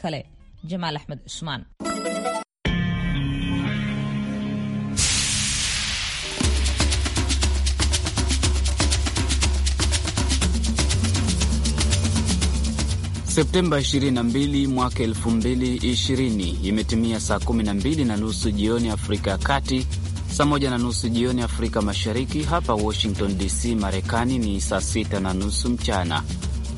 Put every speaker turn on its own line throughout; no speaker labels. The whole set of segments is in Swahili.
kale Jamal Ahmed Usman.
Septemba 22 mwaka 2020 imetimia saa 12 na nusu jioni Afrika ya Kati, saa 1 na nusu jioni Afrika Mashariki. Hapa Washington DC, Marekani ni saa 6 na nusu mchana.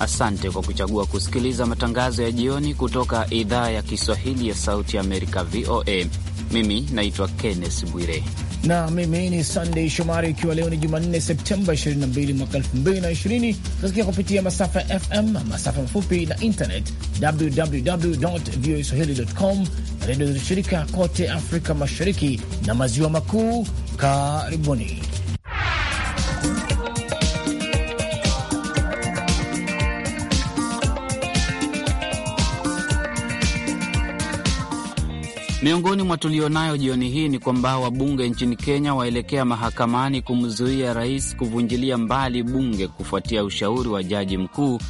Asante kwa kuchagua kusikiliza matangazo ya jioni kutoka idhaa ya Kiswahili ya Sauti Amerika, VOA. Mimi naitwa Kenneth Bwire
na mimi ni sandey Shomari. Ikiwa leo ni Jumanne, Septemba 22 mwaka 2020, tunasikia kupitia masafa ya FM, masafa mafupi na internet, www voa swahili com, na redio zilizoshirika kote Afrika Mashariki na Maziwa Makuu. Karibuni.
Miongoni mwa tulionayo jioni hii ni kwamba wabunge nchini Kenya waelekea mahakamani kumzuia rais kuvunjilia mbali bunge kufuatia ushauri wa jaji mkuu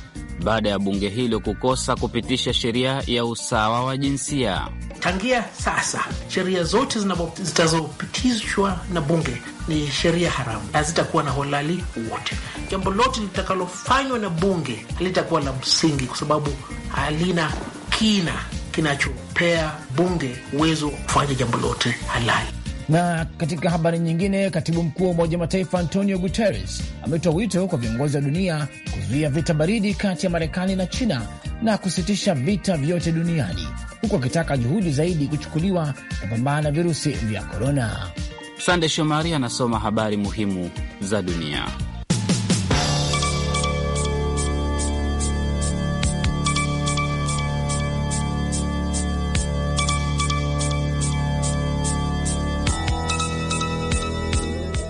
baada ya bunge hilo kukosa kupitisha sheria ya usawa wa jinsia.
Tangia sasa sheria zote zitazopitishwa na bunge ni sheria haramu, hazitakuwa na holali wote. Jambo lote litakalofanywa na bunge halitakuwa la msingi, kwa sababu halina kina kinachopea bunge uwezo wa kufanya jambo lote halali.
Na
katika habari nyingine, katibu mkuu wa Umoja Mataifa Antonio Guterres ametoa wito kwa viongozi wa dunia kuzuia vita baridi kati ya Marekani na China na kusitisha vita vyote duniani, huku akitaka juhudi zaidi kuchukuliwa kupambana na virusi vya korona.
Sande Shomari anasoma habari muhimu za dunia.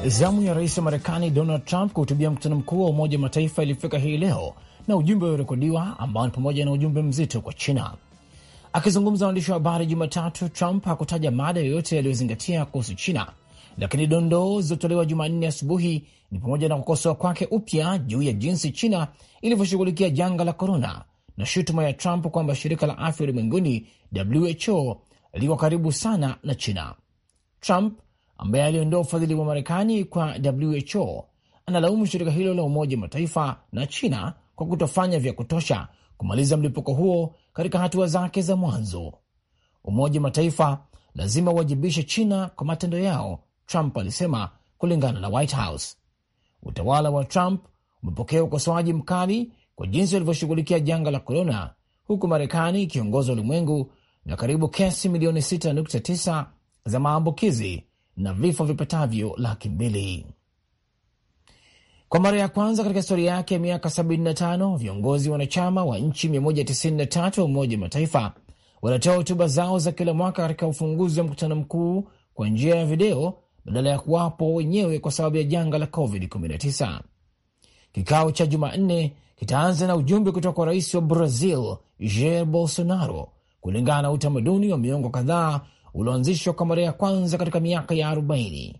Zamu ya rais wa Marekani Donald Trump kuhutubia mkutano mkuu wa Umoja wa Mataifa ilifika hii leo na ujumbe uliorekodiwa ambao ni pamoja na ujumbe mzito kwa China. Akizungumza waandishi wa habari Jumatatu, Trump hakutaja mada yoyote yaliyozingatia kuhusu China, lakini dondoo zilizotolewa Jumanne asubuhi ni pamoja na kukosoa kwake upya juu ya jinsi China ilivyoshughulikia janga la korona na shutuma ya Trump kwamba shirika la afya ulimwenguni WHO liko karibu sana na China. Trump ambaye aliondoa ufadhili wa Marekani kwa WHO analaumu shirika hilo la Umoja wa Mataifa na China kwa kutofanya vya kutosha kumaliza mlipuko huo katika hatua zake za mwanzo. Umoja wa Mataifa lazima uwajibishe China kwa matendo yao, Trump alisema, kulingana na White House. Utawala wa Trump umepokea ukosoaji mkali kwa jinsi walivyoshughulikia janga la korona, huku Marekani ikiongoza ulimwengu na karibu kesi milioni 6.9 za maambukizi na vifo vipatavyo laki mbili. Kwa mara ya kwanza katika historia yake ya miaka 75 viongozi wanachama wa nchi 193 wa Umoja wa Mataifa wanatoa hotuba zao za kila mwaka katika ufunguzi wa mkutano mkuu kwa njia ya video badala ya kuwapo wenyewe kwa sababu ya janga la COVID-19. Kikao cha Jumanne kitaanza na ujumbe kutoka kwa rais wa Brazil Jair Bolsonaro, kulingana na utamaduni wa miongo kadhaa ulioanzishwa kwa mara ya kwanza katika miaka ya 40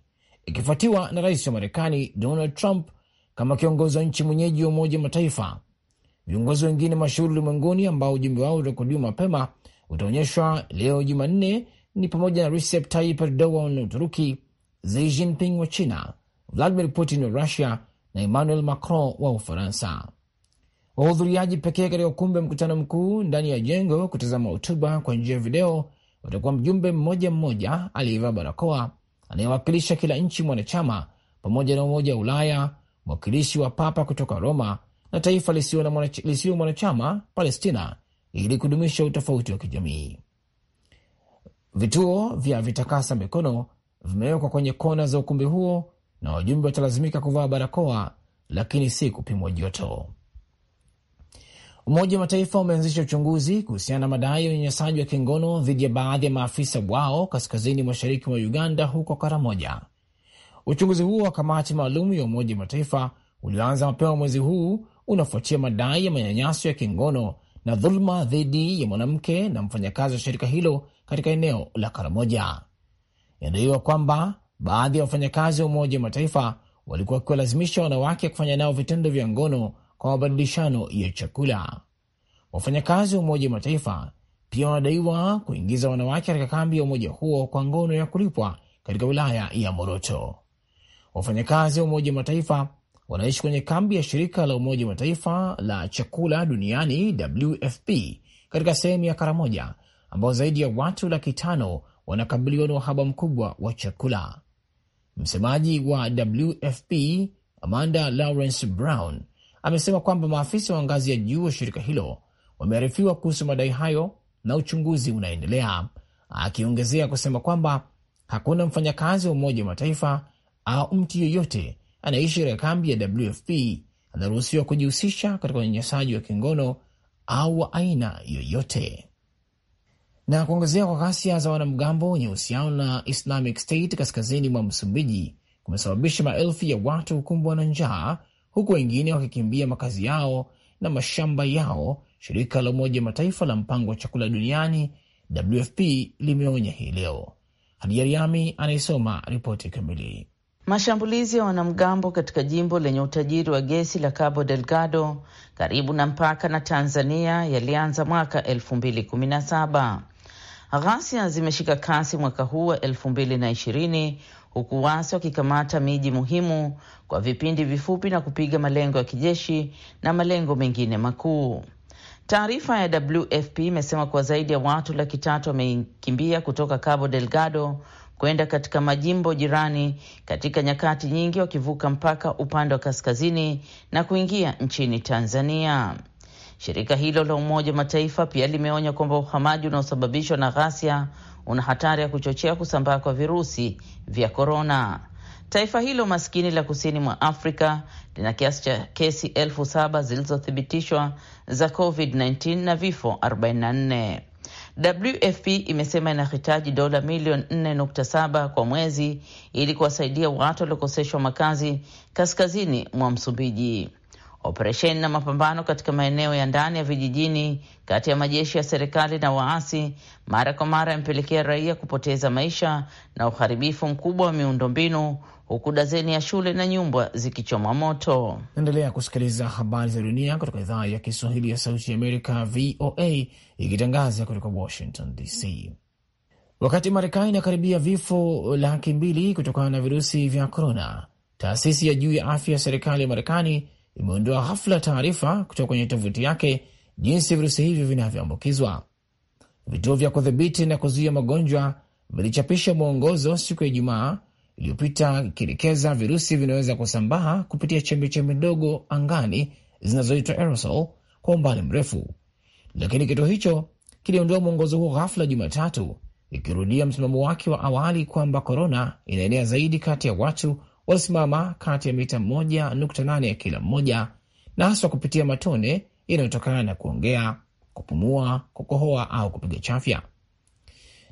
ikifuatiwa na rais wa Marekani Donald Trump kama kiongozi wa nchi mwenyeji wa Umoja Mataifa. Viongozi wengine mashuhuri ulimwenguni ambao ujumbe wao urekodiwa mapema utaonyeshwa leo Jumanne ni pamoja na Recep Tayyip Erdogan wa Uturuki, Xi Jinping wa China, Vladimir Putin wa Russia na Emmanuel Macron wa Ufaransa. Wahudhuriaji pekee katika ukumbi wa mkutano mkuu ndani ya jengo kutazama hotuba kwa njia ya video watakuwa mjumbe mmoja mmoja aliyevaa barakoa anayewakilisha kila nchi mwanachama, pamoja na Umoja wa Ulaya, mwakilishi wa Papa kutoka Roma na taifa lisiyo mwanachama Palestina, ili kudumisha utofauti wa kijamii. Vituo vya vitakasa mikono vimewekwa kwenye kona za ukumbi huo na wajumbe watalazimika kuvaa barakoa, lakini si kupimwa joto. Umoja wa Mataifa umeanzisha uchunguzi kuhusiana na madai ya unyanyasaji wa kingono dhidi ya baadhi ya maafisa wao kaskazini mashariki mwa Uganda, huko Karamoja. Uchunguzi huo wa kamati maalum ya Umoja wa Mataifa ulioanza mapema mwezi huu unafuatia madai ya manyanyaso ya kingono na dhuluma dhidi ya mwanamke na mfanyakazi wa shirika hilo katika eneo la Karamoja. Inadaiwa kwamba baadhi ya wafanyakazi wa Umoja wa Mataifa walikuwa wakiwalazimisha wanawake kufanya nao vitendo vya ngono kwa mabadilishano ya chakula. Wafanyakazi wa Umoja wa Mataifa pia wanadaiwa kuingiza wanawake katika kambi ya umoja huo kwa ngono ya kulipwa katika wilaya ya Moroto. Wafanyakazi wa Umoja wa Mataifa wanaishi kwenye kambi ya shirika la Umoja wa Mataifa la chakula duniani WFP katika sehemu ya Karamoja, ambao zaidi ya watu laki tano wanakabiliwa na uhaba mkubwa wa chakula. Msemaji wa WFP Amanda Lawrence Brown amesema kwamba maafisa wa ngazi ya juu wa shirika hilo wamearifiwa kuhusu madai hayo na uchunguzi unaendelea, akiongezea kusema kwamba hakuna mfanyakazi wa Umoja wa Mataifa au mtu yeyote anaishi katika kambi ya WFP anaruhusiwa kujihusisha katika unyanyasaji wa kingono au wa aina yoyote. Na kuongezea kwa ghasia za wanamgambo wenye uhusiano na Islamic State kaskazini mwa Msumbiji kumesababisha maelfu ya watu kukumbwa na njaa huku wengine wakikimbia makazi yao na mashamba yao. Shirika la Umoja Mataifa la Mpango wa Chakula Duniani, WFP, limeonya hii leo. Hadijariami anayesoma ripoti kamili.
Mashambulizi ya wanamgambo katika jimbo lenye utajiri wa gesi la Cabo Delgado karibu na mpaka na Tanzania yalianza mwaka 2017. Ghasia zimeshika kasi mwaka huu wa 2020 huku waasi wakikamata miji muhimu kwa vipindi vifupi na kupiga malengo ya kijeshi na malengo mengine makuu. Taarifa ya WFP imesema kuwa zaidi ya watu laki tatu wamekimbia kutoka Cabo Delgado kwenda katika majimbo jirani katika nyakati nyingi, wakivuka mpaka upande wa kaskazini na kuingia nchini Tanzania. Shirika hilo la Umoja wa Mataifa pia limeonya kwamba uhamaji unaosababishwa na ghasia una hatari ya kuchochea kusambaa kwa virusi vya korona. Taifa hilo maskini la kusini mwa Afrika lina kiasi cha kesi elfu saba zilizothibitishwa za COVID-19 na vifo 44. WFP imesema inahitaji dola milioni 4.7 kwa mwezi ili kuwasaidia watu waliokoseshwa makazi kaskazini mwa Msumbiji. Operesheni na mapambano katika maeneo ya ndani ya vijijini kati ya majeshi ya serikali na waasi mara kwa mara yamepelekea raia kupoteza maisha na uharibifu mkubwa wa miundombinu huku dazeni ya shule na nyumba zikichoma moto.
Naendelea kusikiliza habari za dunia kutoka idhaa ya Kiswahili ya Sauti ya Amerika, VOA, ikitangaza kutoka Washington DC. Wakati Marekani inakaribia vifo laki mbili kutokana na virusi vya korona, taasisi ya juu ya afya ya serikali ya Marekani imeondoa ghafla taarifa kutoka kwenye tovuti yake jinsi virusi hivyo vinavyoambukizwa. Vituo vya kudhibiti na kuzuia magonjwa vilichapisha mwongozo siku ya Ijumaa iliyopita ikielekeza virusi vinaweza kusambaa kupitia chembechembe ndogo angani zinazoitwa aerosol kwa umbali mrefu, lakini kituo hicho kiliondoa mwongozo huo ghafla Jumatatu, ikirudia msimamo wake wa awali kwamba korona inaenea zaidi kati ya watu walisimama kati ya mita 1.8 ya kila mmoja, na haswa kupitia matone yanayotokana na kuongea, kupumua, kukohoa au kupiga chafya.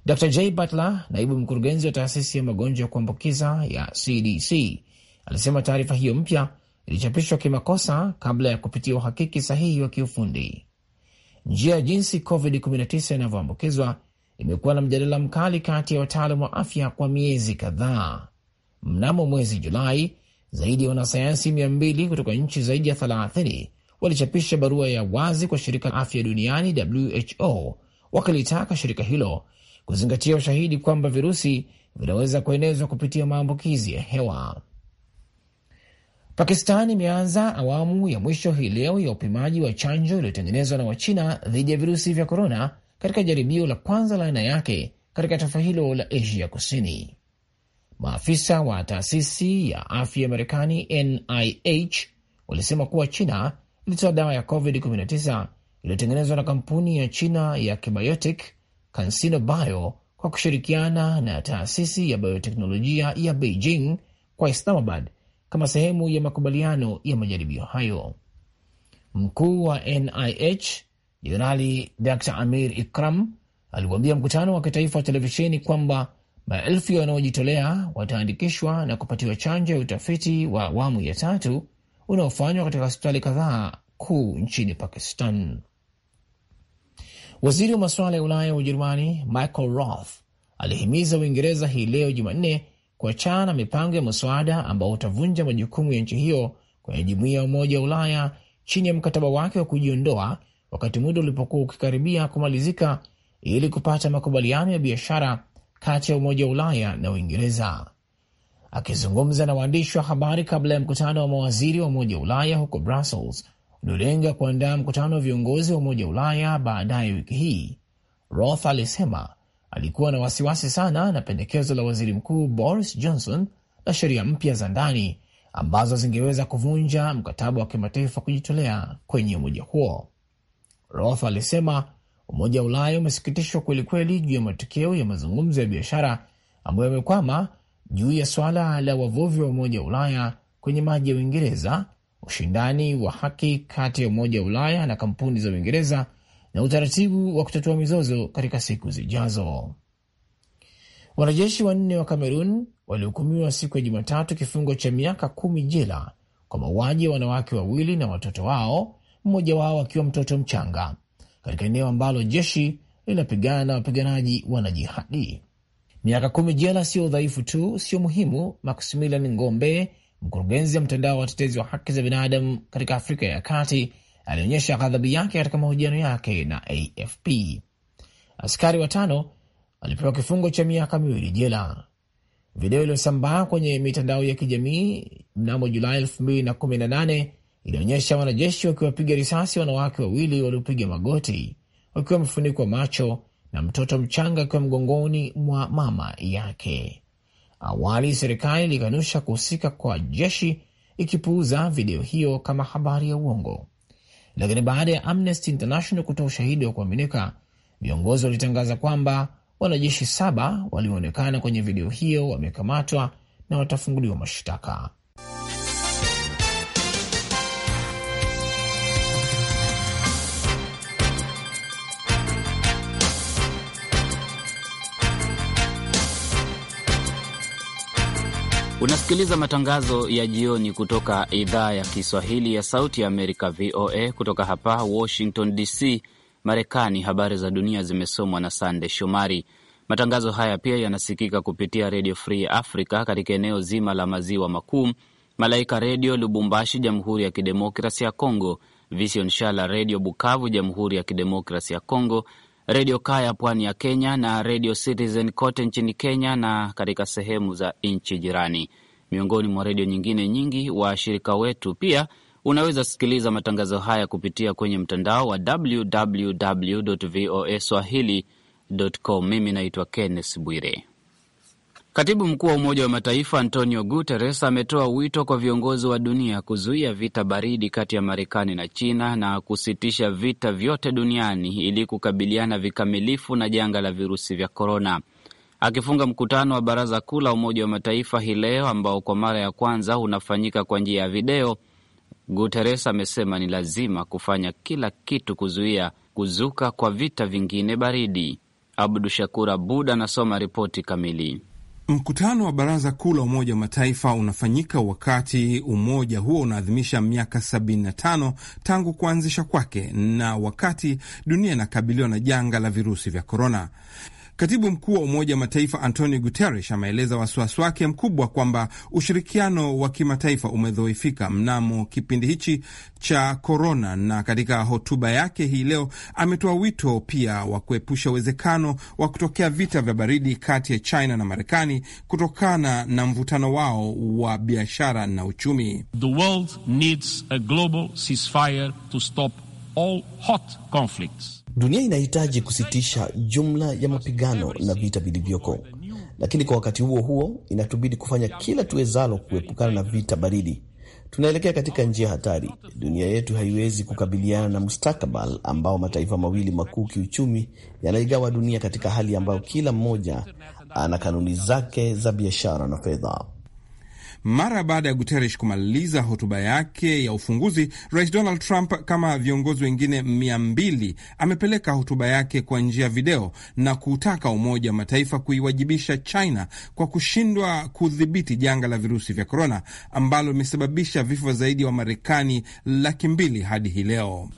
Dr J Butler, naibu mkurugenzi wa taasisi ya magonjwa ya kuambukiza ya CDC, alisema taarifa hiyo mpya ilichapishwa kimakosa kabla ya kupitia uhakiki sahihi wa kiufundi. Njia ya jinsi COVID-19 inavyoambukizwa imekuwa na mjadala mkali kati ya wataalam wa afya kwa miezi kadhaa. Mnamo mwezi Julai, zaidi ya wanasayansi mia mbili kutoka nchi zaidi ya 30 walichapisha barua ya wazi kwa shirika la afya duniani WHO wakilitaka shirika hilo kuzingatia ushahidi kwamba virusi vinaweza kuenezwa kupitia maambukizi ya hewa. Pakistan imeanza awamu ya mwisho hii leo ya upimaji wa chanjo iliyotengenezwa na Wachina dhidi ya virusi vya korona katika jaribio la kwanza la aina yake katika taifa hilo la Asia Kusini. Maafisa wa taasisi ya afya ya Marekani, NIH, walisema kuwa China ilitoa dawa ya COVID-19 iliyotengenezwa na kampuni ya China ya kibiotic Bio kwa kushirikiana na taasisi ya bioteknolojia ya Beijing kwa Islamabad kama sehemu ya makubaliano ya majaribio hayo. Mkuu wa NIH Jenerali Dr Amir Ikram aliwaambia mkutano wa kitaifa wa televisheni kwamba Maelfu ya wanaojitolea wataandikishwa na kupatiwa chanjo ya utafiti wa awamu ya tatu unaofanywa katika hospitali kadhaa kuu nchini Pakistan. Waziri wa masuala ya Ulaya wa Ujerumani Michael Roth alihimiza Uingereza hii leo Jumanne kuachana na mipango ya mswada ambao utavunja majukumu ya nchi hiyo kwenye jumuiya ya Umoja wa Ulaya chini ya mkataba wake wa kujiondoa, wakati muda ulipokuwa ukikaribia kumalizika ili kupata makubaliano ya biashara kati ya Umoja wa Ulaya na Uingereza. Akizungumza na waandishi wa habari kabla ya mkutano wa mawaziri wa Umoja wa Ulaya huko Brussels uliolenga kuandaa mkutano wa viongozi wa Umoja wa Ulaya baadaye wiki hii, Roth alisema alikuwa na wasiwasi sana na pendekezo la waziri mkuu Boris Johnson la sheria mpya za ndani ambazo zingeweza kuvunja mkataba wa kimataifa kujitolea kwenye umoja huo. Roth alisema Umoja wa Ulaya umesikitishwa kwelikweli juu ya matokeo ya mazungumzo ya biashara ambayo yamekwama juu ya swala la wavuvi wa Umoja wa Ulaya kwenye maji ya Uingereza, ushindani wa haki kati ya Umoja wa Ulaya na kampuni za Uingereza na utaratibu wa kutatua mizozo katika siku zijazo. Wanajeshi wanne wa Kamerun walihukumiwa siku ya Jumatatu kifungo cha miaka kumi jela kwa mauaji ya wanawake wawili na watoto wao, mmoja wao akiwa mtoto mchanga katika eneo ambalo jeshi linapigana na wapiganaji wanajihadi. Miaka kumi jela sio udhaifu tu, sio muhimu. Maximilian Ngombe, mkurugenzi wa mtandao wa watetezi wa haki za binadamu katika Afrika ya Kati, alionyesha ghadhabu yake katika mahojiano yake na AFP. Askari watano alipewa kifungo cha miaka miwili jela. Video iliyosambaa kwenye mitandao ya kijamii mnamo Julai ilionyesha wanajeshi wakiwapiga risasi wanawake wawili waliopiga magoti wakiwa wamefunikwa macho na mtoto mchanga akiwa mgongoni mwa mama yake. Awali serikali ilikanusha kuhusika kwa jeshi, ikipuuza video hiyo kama habari ya uongo, lakini baada ya Amnesty International kutoa ushahidi wa kuaminika, viongozi walitangaza kwamba wanajeshi saba walioonekana kwenye video hiyo wamekamatwa na watafunguliwa mashtaka.
Unasikiliza matangazo ya jioni kutoka idhaa ya Kiswahili ya Sauti ya Amerika, VOA, kutoka hapa Washington DC, Marekani. Habari za dunia zimesomwa na Sande Shomari. Matangazo haya pia yanasikika kupitia Redio Free Africa katika eneo zima la maziwa makuu, Malaika Redio Lubumbashi, Jamhuri ya Kidemokrasi ya Kongo, Vision Shala Redio Bukavu, Jamhuri ya Kidemokrasi ya Kongo, Redio Kaya pwani ya Kenya na Redio Citizen kote nchini Kenya na katika sehemu za nchi jirani, miongoni mwa redio nyingine nyingi washirika wetu. Pia unaweza sikiliza matangazo haya kupitia kwenye mtandao wa www voa swahili com. Mimi naitwa Kenneth Bwire. Katibu mkuu wa Umoja wa Mataifa Antonio Guterres ametoa wito kwa viongozi wa dunia kuzuia vita baridi kati ya Marekani na China na kusitisha vita vyote duniani ili kukabiliana vikamilifu na janga la virusi vya korona. Akifunga mkutano wa Baraza Kuu la Umoja wa Mataifa hii leo ambao kwa mara ya kwanza unafanyika kwa njia ya video, Guterres amesema ni lazima kufanya kila kitu kuzuia kuzuka kwa vita vingine baridi. Abdu Shakur Abud anasoma ripoti kamili.
Mkutano wa Baraza Kuu la Umoja wa Mataifa unafanyika wakati umoja huo unaadhimisha miaka 75 tangu kuanzisha kwake na wakati dunia inakabiliwa na janga la virusi vya korona. Katibu mkuu wa Umoja wa Mataifa Antonio Guterres ameeleza wasiwasi wake mkubwa kwamba ushirikiano wa kimataifa umedhoifika mnamo kipindi hichi cha korona, na katika hotuba yake hii leo ametoa wito pia wa kuepusha uwezekano wa kutokea vita vya baridi kati ya China na Marekani kutokana na mvutano wao wa biashara na uchumi. The world needs a global ceasefire to stop all hot conflicts.
Dunia inahitaji kusitisha jumla ya mapigano na vita vilivyoko, lakini kwa wakati huo huo inatubidi kufanya kila tuwezalo kuepukana na vita baridi. Tunaelekea katika njia hatari. Dunia yetu haiwezi kukabiliana na mustakabali ambao mataifa mawili makuu kiuchumi yanaigawa dunia katika hali ambayo kila mmoja ana kanuni zake za biashara na fedha.
Mara baada ya Guterres kumaliza hotuba yake ya ufunguzi, Rais Donald Trump kama viongozi wengine mia mbili amepeleka hotuba yake kwa njia ya video na kutaka Umoja wa Mataifa kuiwajibisha China kwa kushindwa kudhibiti janga la virusi vya korona ambalo limesababisha vifo zaidi ya Wamarekani laki mbili hadi hii leo.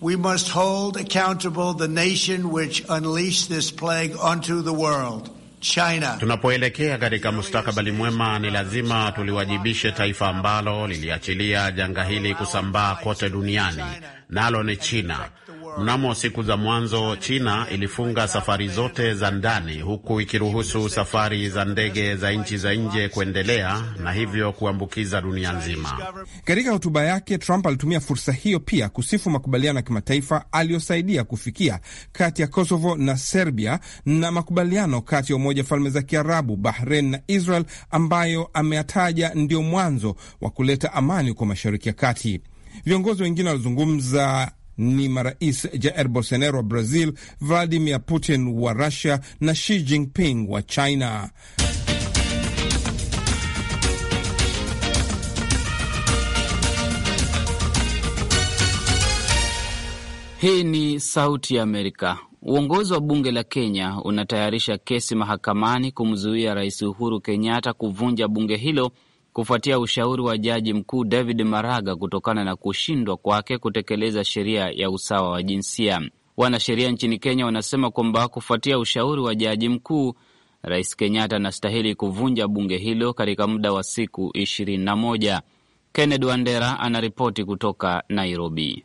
We must hold accountable the nation which unleashed this plague onto the world. China. Tunapoelekea katika mustakabali mwema, ni lazima tuliwajibishe taifa ambalo liliachilia janga hili kusambaa kote duniani, nalo ni China. Mnamo siku za mwanzo, China ilifunga safari zote za ndani huku ikiruhusu safari za ndege za nchi za nje kuendelea na hivyo kuambukiza dunia nzima.
Katika hotuba yake, Trump alitumia fursa hiyo pia kusifu makubaliano ya kimataifa aliyosaidia kufikia kati ya Kosovo na Serbia na makubaliano kati ya Umoja wa Falme za Kiarabu, Bahrain na Israel ambayo ameyataja ndio mwanzo wa kuleta amani kwa Mashariki ya Kati. Viongozi wengine walizungumza ni marais Jair Bolsonaro wa Brazil, Vladimir Putin wa Russia na Xi Jinping wa China. Hii ni
Sauti ya Amerika. Uongozi wa bunge la Kenya unatayarisha kesi mahakamani kumzuia Rais Uhuru Kenyatta kuvunja bunge hilo kufuatia ushauri wa jaji mkuu David Maraga kutokana na kushindwa kwake kutekeleza sheria ya usawa wa jinsia. Wanasheria nchini Kenya wanasema kwamba kufuatia ushauri wa jaji mkuu, Rais Kenyatta anastahili kuvunja bunge hilo katika muda wa siku ishirini na moja. Kennedy Wandera anaripoti kutoka Nairobi.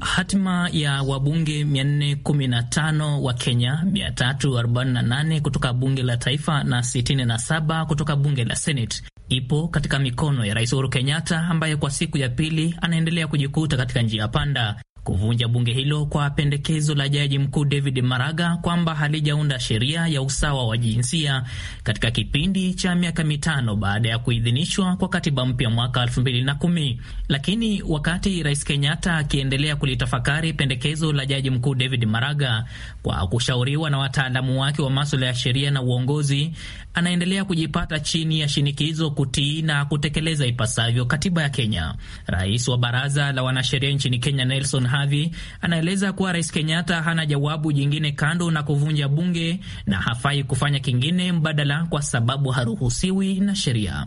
Hatima ya wabunge 415 wa Kenya, 348 kutoka bunge la taifa na 67 kutoka bunge la Senate ipo katika mikono ya Rais Uhuru Kenyatta ambaye kwa siku ya pili anaendelea kujikuta katika njia panda kuvunja bunge hilo kwa pendekezo la jaji mkuu David Maraga kwamba halijaunda sheria ya usawa wa jinsia katika kipindi cha miaka mitano baada ya kuidhinishwa kwa katiba mpya mwaka 2010. Lakini wakati Rais Kenyatta akiendelea kulitafakari pendekezo la jaji mkuu David Maraga kwa kushauriwa na wataalamu wake wa maswala ya sheria na uongozi, anaendelea kujipata chini ya shinikizo kutii na kutekeleza ipasavyo katiba ya Kenya. Rais wa baraza la wanasheria nchini Kenya Nelson Hadhi anaeleza kuwa Rais Kenyatta hana jawabu jingine kando na kuvunja bunge na hafai kufanya kingine mbadala kwa sababu haruhusiwi na sheria.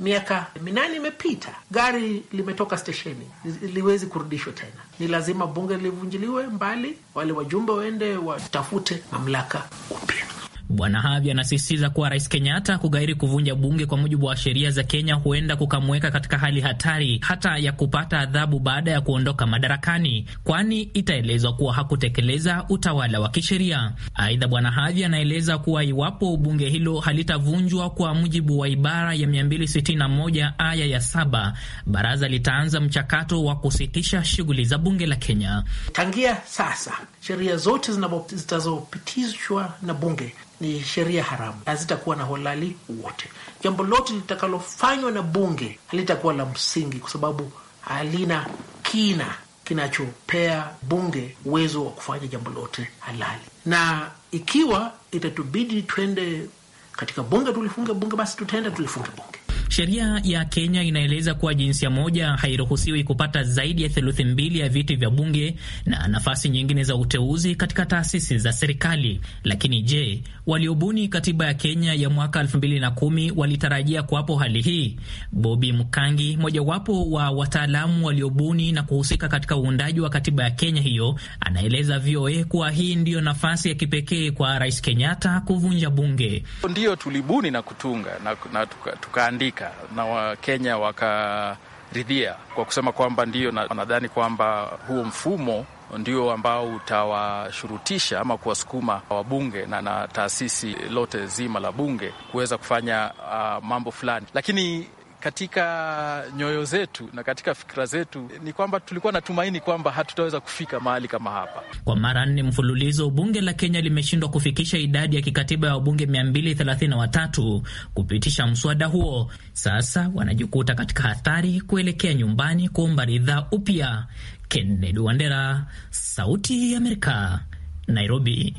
Miaka minane imepita, gari limetoka stesheni, liwezi kurudishwa tena. Ni lazima bunge livunjiliwe mbali, wale wajumbe waende watafute mamlaka upya.
Bwana Havi anasisitiza kuwa Rais Kenyatta kugairi kuvunja bunge kwa mujibu wa sheria za Kenya huenda kukamweka katika hali hatari hata ya kupata adhabu baada ya kuondoka madarakani, kwani itaelezwa kuwa hakutekeleza utawala wa kisheria. Aidha, Bwana Havi anaeleza kuwa iwapo bunge hilo halitavunjwa kwa mujibu wa ibara ya 261 aya ya saba, baraza litaanza mchakato wa kusitisha shughuli za bunge la Kenya.
Tangia sasa sheria zote zitazopitishwa na bunge ni sheria haramu, hazitakuwa na halali wote. Jambo lote litakalofanywa na bunge halitakuwa la msingi, kwa sababu halina kina kinachopea bunge uwezo wa kufanya jambo lote halali. Na ikiwa itatubidi twende katika bunge tulifunge bunge, basi tutaenda tulifunge bunge.
Sheria ya Kenya inaeleza kuwa jinsia moja hairuhusiwi kupata zaidi ya theluthi mbili ya viti vya bunge na nafasi nyingine za uteuzi katika taasisi za serikali. Lakini je, waliobuni katiba ya Kenya ya mwaka 21 walitarajia kuwapo hali hii? Bobi Mkangi, mojawapo wa wataalamu waliobuni na kuhusika katika uundaji wa katiba ya Kenya hiyo, anaeleza VOA kuwa hii ndiyo nafasi ya kipekee kwa Rais Kenyatta kuvunja bunge.
Ndiyo tulibuni na kutunga na, na tukaandika tuka kueleweka na Wakenya wakaridhia kwa kusema kwamba na nadhani kwamba huo mfumo ndio ambao utawashurutisha ama kuwasukuma wabunge na, na taasisi lote zima la bunge kuweza kufanya uh, mambo fulani, lakini katika nyoyo zetu na katika fikira zetu ni kwamba tulikuwa natumaini kwamba hatutaweza kufika mahali kama hapa.
Kwa mara nne mfululizo, bunge la Kenya limeshindwa kufikisha idadi ya kikatiba ya wabunge 233 kupitisha mswada huo. Sasa wanajikuta katika hatari kuelekea nyumbani kuomba ridhaa upya. Kennedy Wandera, Sauti ya Amerika, Nairobi.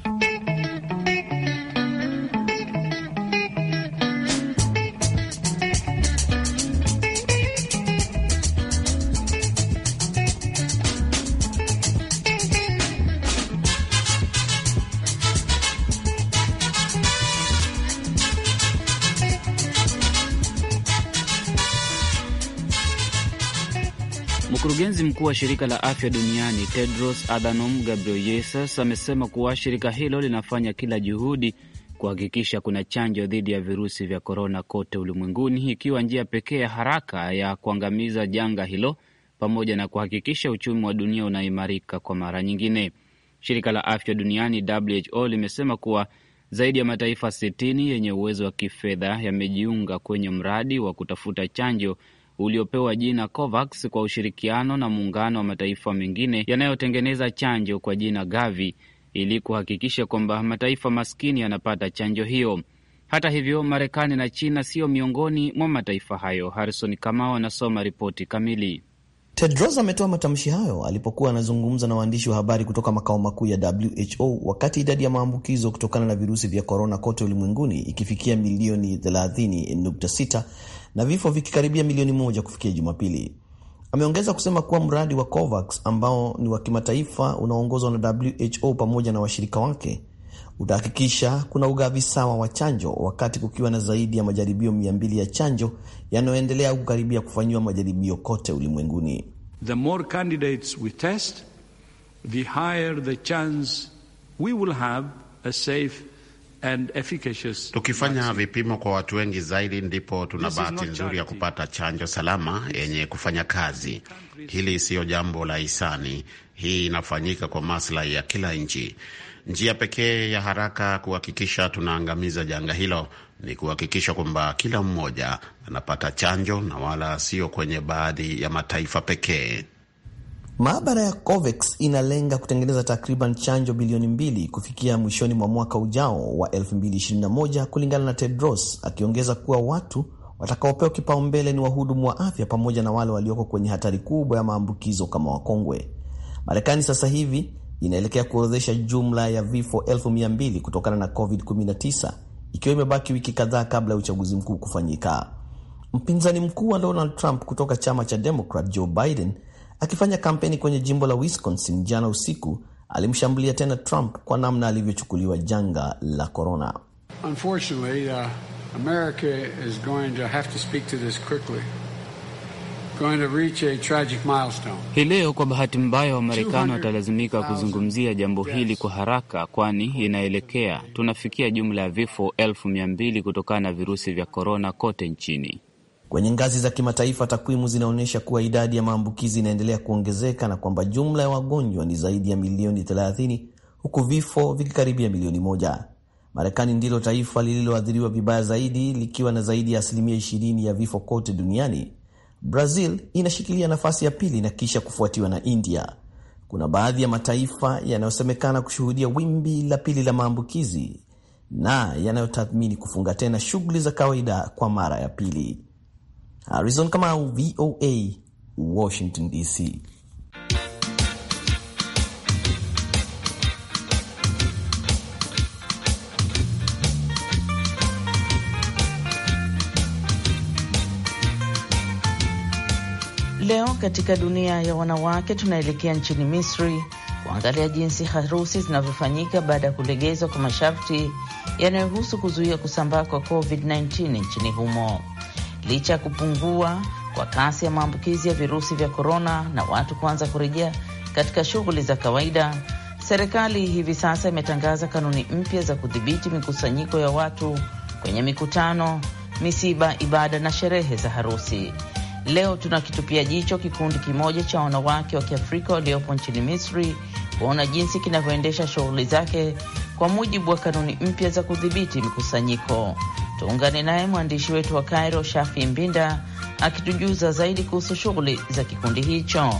Mkurugenzi mkuu wa shirika la afya duniani Tedros Adhanom Ghebreyesus amesema kuwa shirika hilo linafanya kila juhudi kuhakikisha kuna chanjo dhidi ya virusi vya korona kote ulimwenguni, ikiwa njia pekee ya haraka ya kuangamiza janga hilo pamoja na kuhakikisha uchumi wa dunia unaimarika kwa mara nyingine. Shirika la afya duniani WHO limesema kuwa zaidi ya mataifa 60 yenye uwezo wa kifedha yamejiunga kwenye mradi wa kutafuta chanjo uliopewa jina COVAX kwa ushirikiano na muungano wa mataifa mengine yanayotengeneza chanjo kwa jina GAVI ili kuhakikisha kwamba mataifa maskini yanapata chanjo hiyo. Hata hivyo, Marekani na China siyo miongoni mwa mataifa hayo. Harrison Kamau anasoma ripoti kamili.
Tedros ametoa matamshi hayo alipokuwa anazungumza na waandishi wa habari kutoka makao makuu ya WHO wakati idadi ya maambukizo kutokana na virusi vya korona kote ulimwenguni ikifikia milioni 30.6 na vifo vikikaribia milioni moja kufikia Jumapili. Ameongeza kusema kuwa mradi wa COVAX ambao ni wa kimataifa unaoongozwa na WHO pamoja na washirika wake utahakikisha kuna ugavi sawa wa chanjo, wakati kukiwa na zaidi ya majaribio 200 ya chanjo yanayoendelea kukaribia kufanyiwa majaribio kote ulimwenguni.
The more candidates we test, the higher the chance we will have a safe
and Tukifanya vipimo kwa watu wengi zaidi, ndipo tuna bahati nzuri ya kupata chanjo salama yenye kufanya kazi. Hili siyo jambo la hisani, hii inafanyika kwa maslahi ya kila nchi. Njia pekee ya haraka kuhakikisha tunaangamiza janga hilo ni kuhakikisha kwamba kila mmoja anapata chanjo na wala sio kwenye baadhi ya mataifa pekee.
Maabara ya COVAX inalenga kutengeneza takriban chanjo bilioni mbili kufikia mwishoni mwa mwaka ujao wa 2021 kulingana na Tedros, akiongeza kuwa watu watakaopewa kipaumbele ni wahudumu wa afya pamoja na wale walioko kwenye hatari kubwa ya maambukizo kama wakongwe. Marekani sasa hivi inaelekea kuorodhesha jumla ya vifo 1200 kutokana na COVID-19 ikiwa imebaki wiki kadhaa kabla ya uchaguzi mkuu kufanyika. Mpinzani mkuu wa Donald Trump kutoka chama cha Democrat Joe Biden akifanya kampeni kwenye jimbo la Wisconsin jana usiku alimshambulia tena Trump kwa namna alivyochukuliwa janga la korona.
Unfortunately, uh, America is going to have to speak to this quickly.
Hii leo kwa bahati
mbaya, Wamarekani watalazimika kuzungumzia jambo hili kwa haraka, kwani inaelekea tunafikia jumla ya vifo elfu mia mbili kutokana na virusi vya korona kote nchini.
Kwenye ngazi za kimataifa, takwimu zinaonyesha kuwa idadi ya maambukizi inaendelea kuongezeka na kwamba jumla ya wagonjwa ni zaidi ya milioni 30 huku vifo vikikaribia milioni moja. Marekani ndilo taifa lililoathiriwa vibaya zaidi likiwa na zaidi ya asilimia 20 ya vifo kote duniani Brazil inashikilia nafasi ya pili na kisha kufuatiwa na India. Kuna baadhi ya mataifa yanayosemekana kushuhudia wimbi la pili la maambukizi na yanayotathmini kufunga tena shughuli za kawaida kwa mara ya pili. Harrison Kamau, VOA, Washington DC.
Leo katika dunia ya wanawake, tunaelekea nchini Misri kuangalia jinsi harusi zinavyofanyika baada ya kulegezwa kwa masharti yanayohusu kuzuia kusambaa kwa COVID-19 nchini humo. Licha ya kupungua kwa kasi ya maambukizi ya virusi vya korona na watu kuanza kurejea katika shughuli za kawaida, serikali hivi sasa imetangaza kanuni mpya za kudhibiti mikusanyiko ya watu kwenye mikutano, misiba, ibada na sherehe za harusi. Leo tunakitupia jicho kikundi kimoja cha wanawake wa Kiafrika waliopo nchini Misri kuona jinsi kinavyoendesha shughuli zake kwa mujibu wa kanuni mpya za kudhibiti mikusanyiko. Tuungane naye mwandishi wetu wa Cairo, Shafi Mbinda, akitujuza zaidi kuhusu shughuli za kikundi hicho.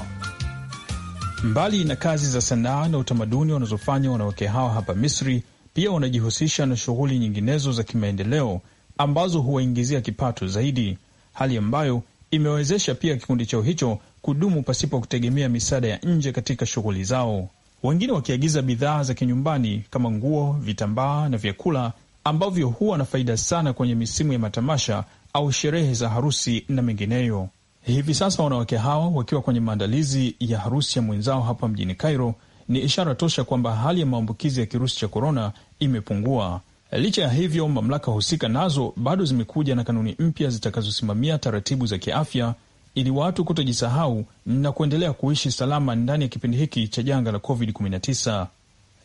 Mbali na kazi za sanaa na utamaduni wanazofanya wanawake hawa hapa Misri, pia wanajihusisha na shughuli nyinginezo za kimaendeleo ambazo huwaingizia kipato zaidi, hali ambayo imewezesha pia kikundi chao hicho kudumu pasipo kutegemea misaada ya nje katika shughuli zao, wengine wakiagiza bidhaa za kinyumbani kama nguo, vitambaa na vyakula ambavyo huwa na faida sana kwenye misimu ya matamasha au sherehe za harusi na mengineyo. Hivi sasa wanawake hawa wakiwa kwenye maandalizi ya harusi ya mwenzao hapa mjini Cairo ni ishara tosha kwamba hali ya maambukizi ya kirusi cha korona imepungua. Licha ya hivyo, mamlaka husika nazo bado zimekuja na kanuni mpya zitakazosimamia taratibu za kiafya ili watu kutojisahau na kuendelea kuishi salama ndani ya kipindi hiki cha janga la COVID-19.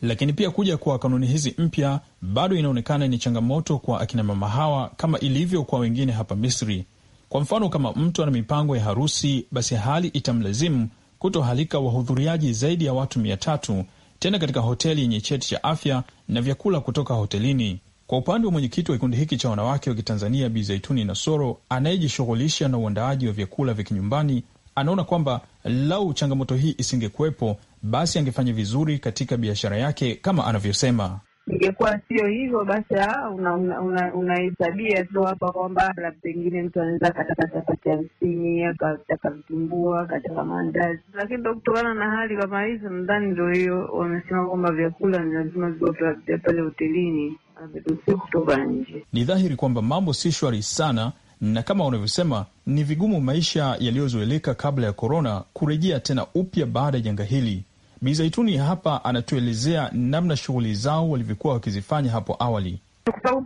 Lakini pia kuja kwa kanuni hizi mpya bado inaonekana ni changamoto kwa akinamama hawa kama ilivyo kwa wengine hapa Misri. Kwa mfano, kama mtu ana mipango ya harusi, basi hali itamlazimu kutohalika wahudhuriaji zaidi ya watu mia tatu tena katika hoteli yenye cheti cha afya na vyakula kutoka hotelini. Kwa upande wa mwenyekiti wa kikundi hiki cha wanawake wa Kitanzania Bi Zaituni Nasoro, anayejishughulisha na uandaaji wa vyakula vya kinyumbani, anaona kwamba lau changamoto hii isingekuwepo, basi angefanya vizuri katika biashara yake kama anavyosema.
Ingekuwa sio hivyo, basi ah, unahesabia tu hapa kwamba la pengine mtu anaweza akataka chapati hamsini, akataka vitumbua, akataka maandazi. Lakini ndo kutokana na hali kama hizo, nadhani ndo hiyo wamesema kwamba vyakula ni lazima via pale hotelini, avirusi kutoka nje.
Ni dhahiri kwamba mambo si shwari sana na kama unavyosema ni vigumu maisha yaliyozoeleka kabla ya korona kurejea tena upya baada ya janga hili bizaituni hapa anatuelezea namna shughuli zao walivyokuwa wakizifanya hapo awali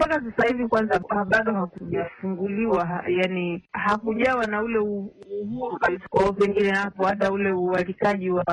mpaka sasa hivi kwanza bado hakujafunguliwa, yani hakujawa na ule uhuru kwao, pengine hapo hata ule uwalikaji wa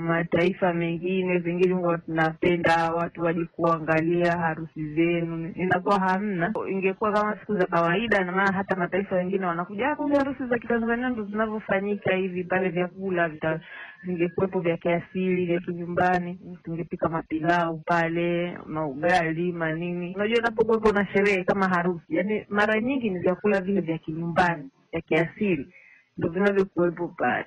mataifa mengine, pengine huwa tunapenda watu waje kuangalia harusi zenu, inakuwa hamna. Ingekuwa kama siku za kawaida, na maana hata mataifa mengine wanakuja, ah, kumbe harusi za kitanzania ndo zinavyofanyika hivi pale, vyakula vita vingekuwepo vya kiasili vya kinyumbani, tungepika mapilau pale, maugali, manini, unajua napokuwa kuwepo na sherehe kama harusi. Yani mara nyingi ni vyakula vile vya kinyumbani vya kiasili ndo vinavyokuwepo pale.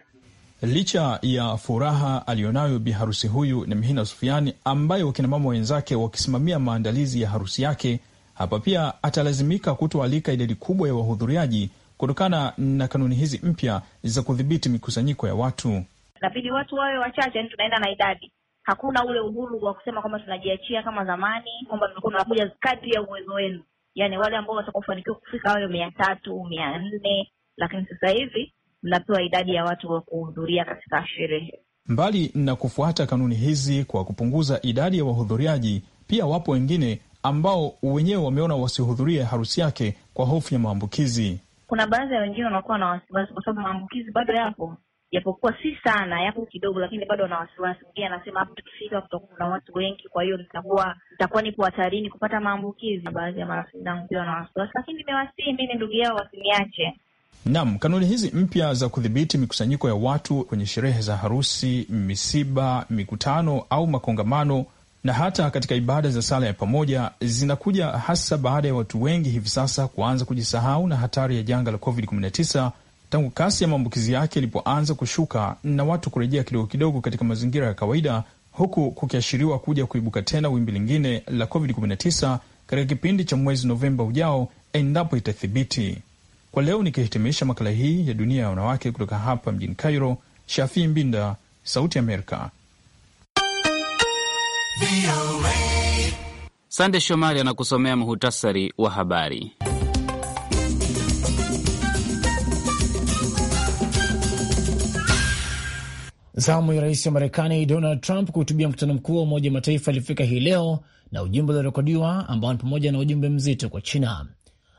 Licha ya furaha aliyonayo bi harusi huyu ni Mhina Sufiani, ambaye wakinamama wenzake wakisimamia maandalizi ya harusi yake, hapa pia atalazimika kutoalika idadi kubwa ya wahudhuriaji kutokana na kanuni hizi mpya za kudhibiti mikusanyiko ya watu.
Inabidi watu wawe wachache, yani tunaenda na idadi hakuna ule uhuru wa kusema kwamba tunajiachia kama zamani, kwamba tulikuwa tunakuja kati ya uwezo wenu, yani wale ambao fanikiwa kufika hayo mia tatu mia nne lakini sasa hivi mnapewa idadi ya watu wa kuhudhuria katika sherehe.
Mbali na kufuata kanuni hizi kwa kupunguza idadi ya wahudhuriaji, pia wapo wengine ambao wenyewe wameona wasihudhurie harusi yake kwa hofu ya maambukizi.
Kuna baadhi ya wengine wanakuwa na wasiwasi kwa sababu maambukizi bado yapo japokuwa si sana, yapo kidogo, lakini bado na wasiwasi. pia. anasema hapo tukifika kutakuwa na watu wengi, kwa hiyo nitakuwa nitakuwa nipo hatarini kupata maambukizi. Baadhi ya marafiki zangu pia wana wasiwasi, lakini nimewasihi mimi ndugu yao wasiniache.
Naam, kanuni hizi mpya za kudhibiti mikusanyiko ya watu kwenye sherehe za harusi, misiba, mikutano au makongamano na hata katika ibada za sala ya pamoja zinakuja hasa baada ya watu wengi hivi sasa kuanza kujisahau na hatari ya janga la COVID-19 tangu kasi ya maambukizi yake ilipoanza kushuka na watu kurejea kidogo kidogo katika mazingira ya kawaida, huku kukiashiriwa kuja kuibuka tena wimbi lingine la COVID-19 katika kipindi cha mwezi Novemba ujao endapo itathibiti. Kwa leo nikihitimisha makala hii ya dunia ya wanawake kutoka hapa mjini Cairo, Shafii Mbinda, Sauti Amerika.
Sande Shomari anakusomea muhutasari wa habari.
Zamu ya rais wa Marekani Donald Trump kuhutubia mkutano mkuu wa Umoja wa Mataifa alifika hii leo na ujumbe uliorekodiwa ambao ni pamoja na ujumbe mzito kwa China.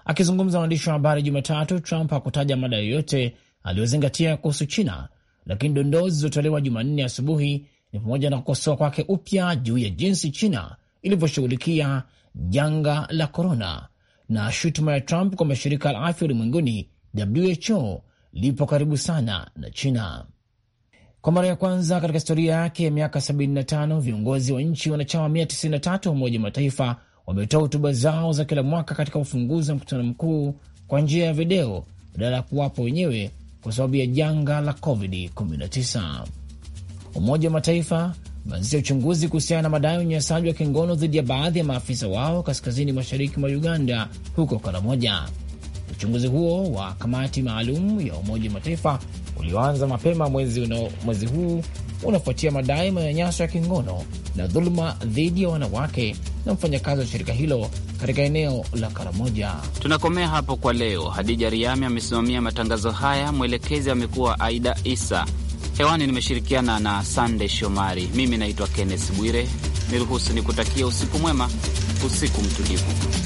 Akizungumza waandishi wa habari Jumatatu, Trump hakutaja mada yoyote aliyozingatia kuhusu China, lakini dondoo zilizotolewa Jumanne asubuhi ni pamoja na kukosoa kwake upya juu ya jinsi China ilivyoshughulikia janga la korona na shutuma ya Trump kwamba shirika la afya ulimwenguni WHO lipo karibu sana na China. Kwa mara ya kwanza katika historia yake ya miaka 75 viongozi wa nchi wanachama 193 wa Umoja Mataifa wametoa hotuba zao za kila mwaka katika ufunguzi wa mkutano mkuu kwa njia ya video badala ya kuwapo wenyewe kwa sababu ya janga la COVID-19. Umoja wa Mataifa umeanzisha uchunguzi kuhusiana na madai ya unyanyasaji wa kingono dhidi ya baadhi ya maafisa wao kaskazini mashariki mwa Uganda, huko Karamoja. Uchunguzi huo wa kamati maalum ya Umoja wa Mataifa ulioanza mapema mwezi, uno, mwezi huu unafuatia madai manyanyaso ya kingono na dhuluma dhidi ya wanawake na mfanyakazi wa shirika hilo katika eneo la Karamoja.
Tunakomea hapo kwa leo. Hadija Riami amesimamia matangazo haya, mwelekezi amekuwa Aida Isa. Hewani nimeshirikiana na Sande Shomari. Mimi naitwa Kenneth Bwire, niruhusu nikutakia usiku mwema, usiku mtulivu.